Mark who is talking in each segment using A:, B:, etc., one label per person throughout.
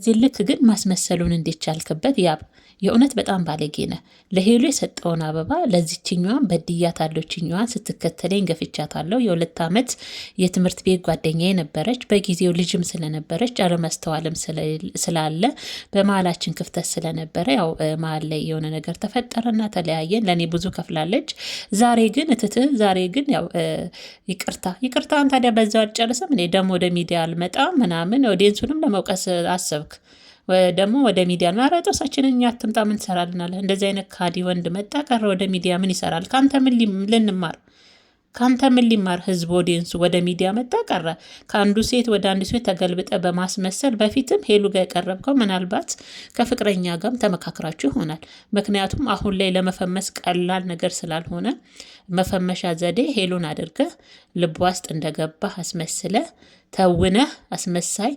A: እዚህ ልክ ግን ማስመሰሉን እንዴት ቻልክበት? ያብ የእውነት በጣም ባለጌ ነ ለሄሉ የሰጠውን አበባ ለዚችኛዋን በድያታለሁ። ችኛዋን ስትከተለኝ ገፍቻታለሁ። የሁለት ዓመት የትምህርት ቤት ጓደኛ ነበረች። በጊዜው ልጅም ስለነበረች አለማስተዋልም ስላለ በመሀላችን ክፍተት ስለነበረ ያው መሀል ላይ የሆነ ነገር ተፈጠረና ተለያየን። ለእኔ ብዙ ከፍላለች። ዛሬ ግን እትትህ ዛሬ ግን ያው ይቅርታ ይቅርታን ታዲያ በዛው አልጨርስም። እኔ ደግሞ ወደ ሚዲያ አልመጣም ምናምን ኦዲየንሱንም ለመውቀስ አሰብ ቲክቶክ ደግሞ ወደ ሚዲያ ኧረ ጦሳችንን እኛ አትምጣ፣ ምን ትሰራልናለ? እንደዚህ አይነት ካዲ ወንድ መጣ ቀረ ወደ ሚዲያ ምን ይሰራል? ከአንተ ምን ልንማር ከአንተ ምን ሊማር ህዝብ ኦዲየንሱ ወደ ሚዲያ መጣ ቀረ። ከአንዱ ሴት ወደ አንዱ ሴት ተገልብጠ በማስመሰል በፊትም ሄሉ ጋር የቀረብከው ምናልባት ከፍቅረኛ ጋርም ተመካክራችሁ ይሆናል። ምክንያቱም አሁን ላይ ለመፈመስ ቀላል ነገር ስላልሆነ መፈመሻ ዘዴ ሄሉን አድርገህ ልብ ውስጥ እንደገባህ አስመስለህ ተውነህ አስመሳይ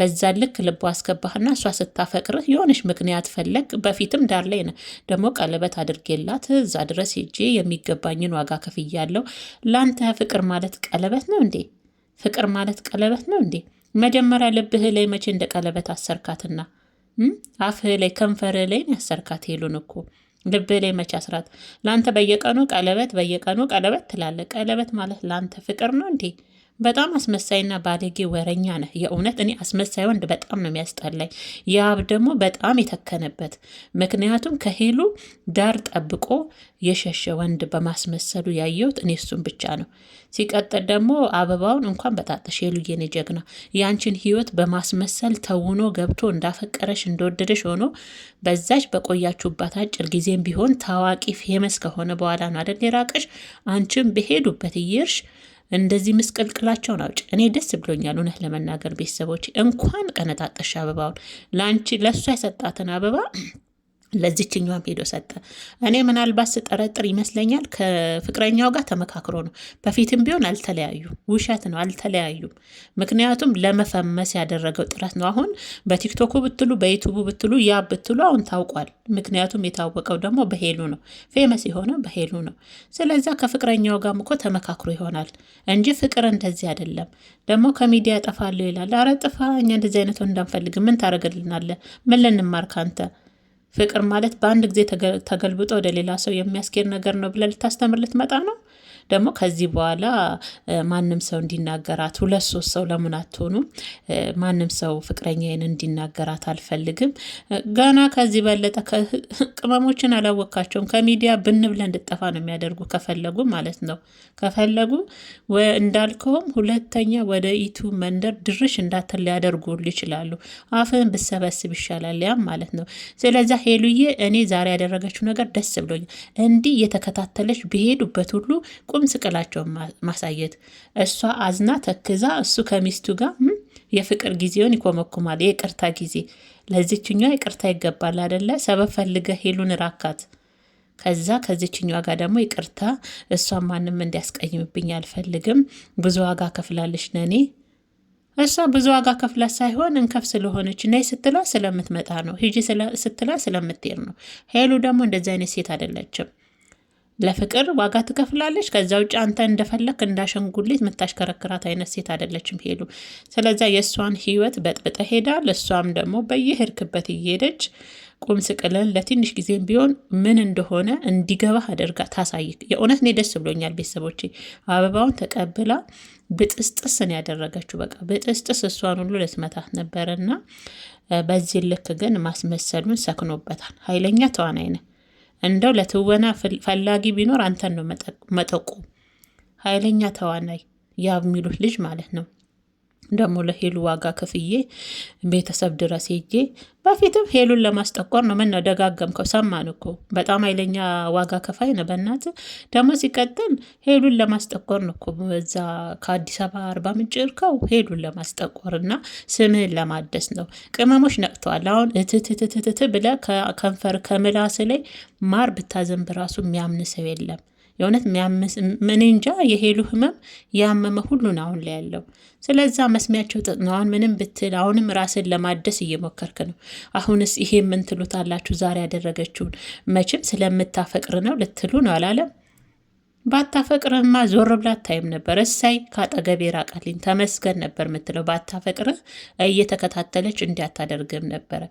A: በዛ ልክ ልቦ አስገባህና እሷ ስታፈቅርህ የሆነች ምክንያት ፈለግ። በፊትም ዳር ላይ ነ ደግሞ ቀለበት አድርጌላት እዛ ድረስ ሄጄ የሚገባኝን ዋጋ ከፍያለሁ። ለአንተ ፍቅር ማለት ቀለበት ነው እንዴ? ፍቅር ማለት ቀለበት ነው እንዴ? መጀመሪያ ልብህ ላይ መቼ እንደ ቀለበት አሰርካትና አፍህ ላይ ከንፈርህ ላይ ያሰርካት ሄሉን እኮ ልብህ ላይ መቼ አስራት? ለአንተ በየቀኑ ቀለበት በየቀኑ ቀለበት ትላለህ። ቀለበት ማለት ለአንተ ፍቅር ነው እንዴ? በጣም አስመሳይና ባለጌ ወረኛ ነህ። የእውነት እኔ አስመሳይ ወንድ በጣም ነው የሚያስጠላኝ። ያብ ደግሞ በጣም የተከነበት፣ ምክንያቱም ከሄሉ ዳር ጠብቆ የሸሸ ወንድ በማስመሰሉ ያየሁት እኔ እሱን ብቻ ነው። ሲቀጥል ደግሞ አበባውን እንኳን በጣጠሽ የኔ ጀግና ያንቺን ህይወት በማስመሰል ተውኖ ገብቶ እንዳፈቀረሽ እንደወደደሽ ሆኖ በዛች በቆያችሁባት አጭር ጊዜም ቢሆን ታዋቂ ፌመስ ከሆነ በኋላ ነው አደል የራቀሽ አንቺም በሄዱበት እየርሽ እንደዚህ ምስቅልቅላቸውን አውጭ። እኔ ደስ ብሎኛል፣ እውነት ለመናገር ቤተሰቦች እንኳን ቀነጣጠሽ አበባውን ለአንቺ ለእሷ የሰጣትን አበባ ለዚችኛዋ ሄዶ ሰጠ። እኔ ምናልባት ስጠረጥር ይመስለኛል ከፍቅረኛው ጋር ተመካክሮ ነው። በፊትም ቢሆን አልተለያዩ፣ ውሸት ነው፣ አልተለያዩም። ምክንያቱም ለመፈመስ ያደረገው ጥረት ነው። አሁን በቲክቶኩ ብትሉ በዩቱቡ ብትሉ ያ ብትሉ አሁን ታውቋል። ምክንያቱም የታወቀው ደግሞ በሄሉ ነው፣ ፌመስ የሆነ በሄሉ ነው። ስለዛ ከፍቅረኛው ጋርም እኮ ተመካክሮ ይሆናል እንጂ ፍቅር እንደዚህ አይደለም። ደግሞ ከሚዲያ ጠፋለሁ ይላል። አረ ጥፋ፣ እኛ እንደዚህ አይነት እንዳንፈልግ። ምን ታደርግልናለህ? ምን ልንማር ካንተ ፍቅር ማለት በአንድ ጊዜ ተገልብጦ ወደ ሌላ ሰው የሚያስኬድ ነገር ነው ብለ ልታስተምር ልትመጣ ነው። ደግሞ ከዚህ በኋላ ማንም ሰው እንዲናገራት ሁለት ሶስት ሰው ለምን አትሆኑም? ማንም ሰው ፍቅረኛዬን እንዲናገራት አልፈልግም። ገና ከዚህ በለጠ ቅመሞችን አላወቃቸውም። ከሚዲያ ብን ብለ እንድጠፋ ነው የሚያደርጉ ከፈለጉ ማለት ነው። ከፈለጉ እንዳልከውም ሁለተኛ ወደ ኢቱ መንደር ድርሽ እንዳትል ሊያደርጉሉ ይችላሉ። አፍን ብሰበስብ ይሻላል፣ ያም ማለት ነው። ስለዚ ሄሉዬ እኔ ዛሬ ያደረገችው ነገር ደስ ብሎኛል። እንዲህ የተከታተለች በሄዱበት ሁሉ እንዲሁም ስቅላቸውን ማሳየት። እሷ አዝና ተክዛ፣ እሱ ከሚስቱ ጋር የፍቅር ጊዜውን ይኮመኩማል። የቅርታ ጊዜ ለዚችኛ ይቅርታ ይገባል አደለ? ሰበብ ፈልገ ሄሉን ራካት። ከዛ ከዚችኛ ጋር ደግሞ ይቅርታ፣ እሷን ማንም እንዲያስቀይምብኝ አልፈልግም። ብዙ ዋጋ ከፍላለች ነኔ እሷ ብዙ ዋጋ ከፍላ ሳይሆን እንከፍ ስለሆነች ነይ ስትላ ስለምትመጣ ነው። ሂጂ ስትላ ስለምትሄድ ነው። ሄሉ ደግሞ እንደዚህ አይነት ሴት አይደለችም። ለፍቅር ዋጋ ትከፍላለች። ከዛ ውጭ አንተ እንደፈለክ እንዳሸንጉሊት የምታሽከረክራት አይነት ሴት አይደለችም ሄሉ። ስለዚ የእሷን ህይወት በጥብጠ ሄዳል። እሷም ደግሞ በየሄድክበት እየሄደች ቁም ስቅልን ለትንሽ ጊዜም ቢሆን ምን እንደሆነ እንዲገባህ አድርጋ ታሳይ። የእውነት እኔ ደስ ብሎኛል ቤተሰቦቼ። አበባውን ተቀብላ ብጥስጥስን ያደረገችው በቃ ብጥስጥስ እሷን ሁሉ ልትመታት ነበረና በዚህ ልክ ግን ማስመሰሉን ሰክኖበታል። ኃይለኛ ተዋናይ ነው። እንደው ለትወና ፈላጊ ቢኖር አንተን ነው መጠቁ። ኃይለኛ ተዋናይ ያብ የሚሉት ልጅ ማለት ነው። ደግሞ ለሄሉ ዋጋ ክፍዬ ቤተሰብ ድረስ ሄጄ በፊትም ሄሉን ለማስጠቆር ነው። ምነው ደጋገምከው? ሰማን እኮ በጣም ኃይለኛ ዋጋ ከፋይ ነው። በእናት ደግሞ ሲቀጥል ሄሉን ለማስጠቆር ነው እኮ በዛ ከአዲስ አበባ አርባ ምንጭ እርከው ሄሉን ለማስጠቆር እና ስምህን ለማደስ ነው። ቅመሞች ነቅተዋል። አሁን እትትትትት ብለህ ከንፈር ከምላስ ላይ ማር ብታዘንብ ራሱ የሚያምን ሰው የለም። የእውነት ምን እንጃ የሄሉ ህመም ያመመ ሁሉን አሁን ላይ ያለው ስለዛ መስሚያቸው ጥጥና አሁን ምንም ብትል አሁንም ራስን ለማደስ እየሞከርክ ነው። አሁንስ ይሄ ምን ትሉታላችሁ? ዛሬ ያደረገችውን መቼም ስለምታፈቅር ነው ልትሉ ነው አላለም ባታፈቅርህማ ዞር ብላ አታይም ነበር። እሳይ ካጠገቤ ራቀልኝ ተመስገን ነበር የምትለው። ባታፈቅርህ እየተከታተለች እንዲያታደርግም ነበረ።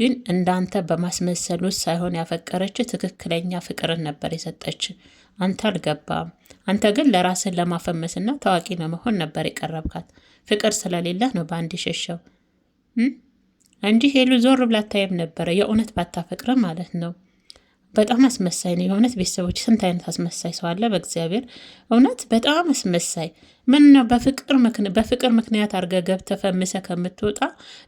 A: ግን እንዳንተ በማስመሰሉ ሳይሆን ያፈቀረች ትክክለኛ ፍቅርን ነበር የሰጠች። አንተ አልገባም። አንተ ግን ለራስን ለማፈመስና ታዋቂ ለመሆን ነበር የቀረብካት። ፍቅር ስለሌለህ ነው በአንድ ሸሸው እንጂ ሄሉ ዞር ብላ አታይም ነበረ። የእውነት ባታፈቅርህ ማለት ነው። በጣም አስመሳይ ነው የእውነት። ቤተሰቦች ስንት አይነት አስመሳይ ሰው አለ በእግዚአብሔር እውነት፣ በጣም አስመሳይ። ምን ነው በፍቅር ምክንያት አርገ ገብተ ፈምሰ ከምትወጣ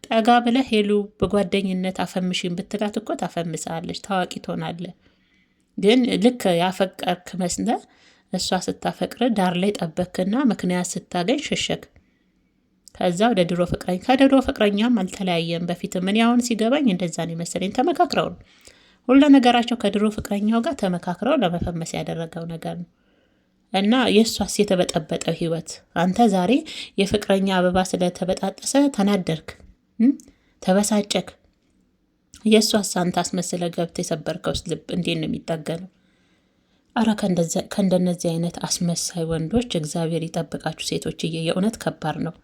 A: ጠጋ ብለ ሄሉ በጓደኝነት አፈምሽን ብትላት እኮ ታፈምሳለች፣ ታዋቂ ትሆናለ። ግን ልክ ያፈቀርክ መስለ እሷ ስታፈቅር ዳር ላይ ጠበክና ምክንያት ስታገኝ ሸሸክ። ከዛ ወደ ድሮ ፍቅረኛ ከድሮ ፍቅረኛም አልተለያየም በፊት ምን ያሁን ሲገባኝ እንደዛ ነው የመሰለኝ ተመካክረው ሁሉ ነገራቸው ከድሮ ፍቅረኛው ጋር ተመካክረው ለመፈመስ ያደረገው ነገር ነው እና የእሷስ የተበጠበጠው ህይወት። አንተ ዛሬ የፍቅረኛ አበባ ስለተበጣጠሰ ተናደርክ፣ ተበሳጨክ። የእሷስ አንተ አስመስለ ገብተ የሰበርከው ልብ እንዴት ነው የሚጠገነው? አረ ከእንደነዚህ አይነት አስመሳይ ወንዶች እግዚአብሔር ይጠብቃችሁ ሴቶችዬ፣ የእውነት ከባድ ነው።